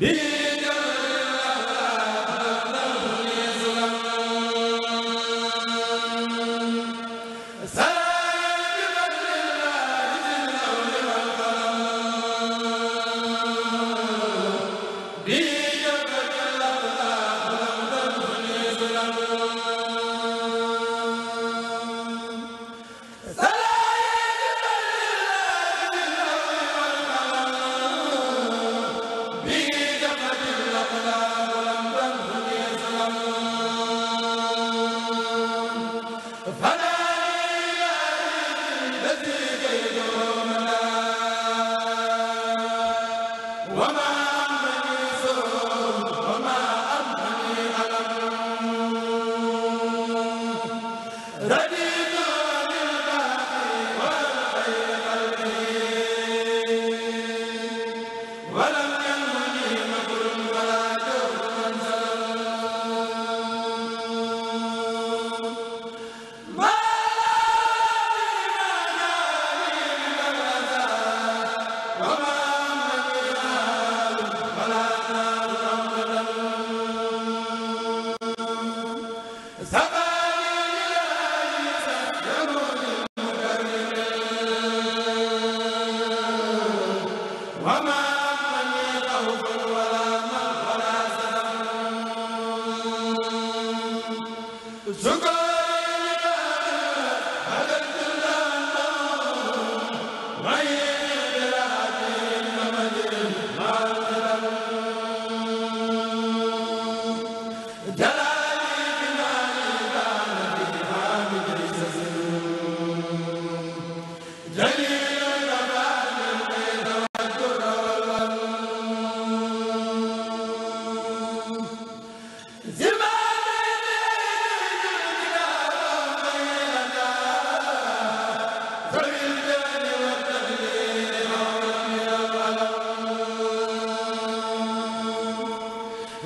bi Rabbi wa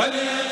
wali